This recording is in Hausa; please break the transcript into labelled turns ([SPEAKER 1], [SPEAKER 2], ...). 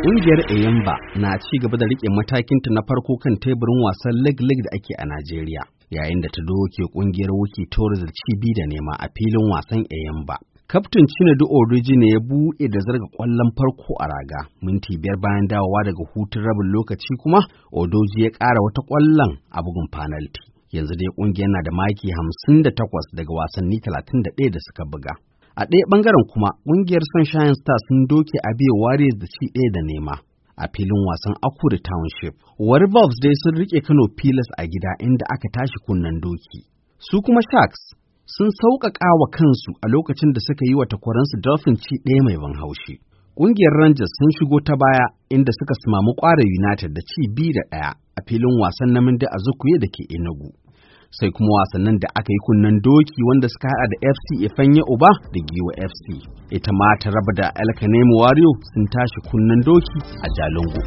[SPEAKER 1] Ƙungiyar Eyimba na ci gaba da riƙe matakinta na farko kan teburin wasan leg leg da ake a Najeriya, yayin da ta doke ƙungiyar wuki Torres da cibi da nema a filin wasan Eyimba. Kaftin Chinedu Oduji ne ya buɗe da zarga ƙwallon farko a raga, minti biyar bayan dawowa daga hutun rabin lokaci kuma Odoji ya ƙara wata ƙwallon a bugun fanalti. Yanzu dai ƙungiyar na da maki hamsin da takwas daga wasanni talatin da ɗaya da suka buga. A ɗaya ɓangaren kuma, ƙungiyar Sunshine Star sun doke a biya Warriors da ci ɗaya da nema. A filin wasan Akure Township, Wari Bulbs dai sun rike Kano Pilas a gida inda aka tashi kunnen doki. Su kuma Sharks sun sauƙaƙa wa kansu a lokacin da suka yi wa takwaransu Dolphin ci ɗaya mai ban haushi. Ƙungiyar Rangers sun shigo ta baya inda suka sumamu ƙwara United da ci biyu da ɗaya a filin wasan na a Azukuye da ke Enugu. sai kuma wasannin da aka yi kunnen doki wanda suka hada da fc ifanye uba da giwa fc ita ma ta raba da alkanemu wario sun tashi kunnen doki a jalingo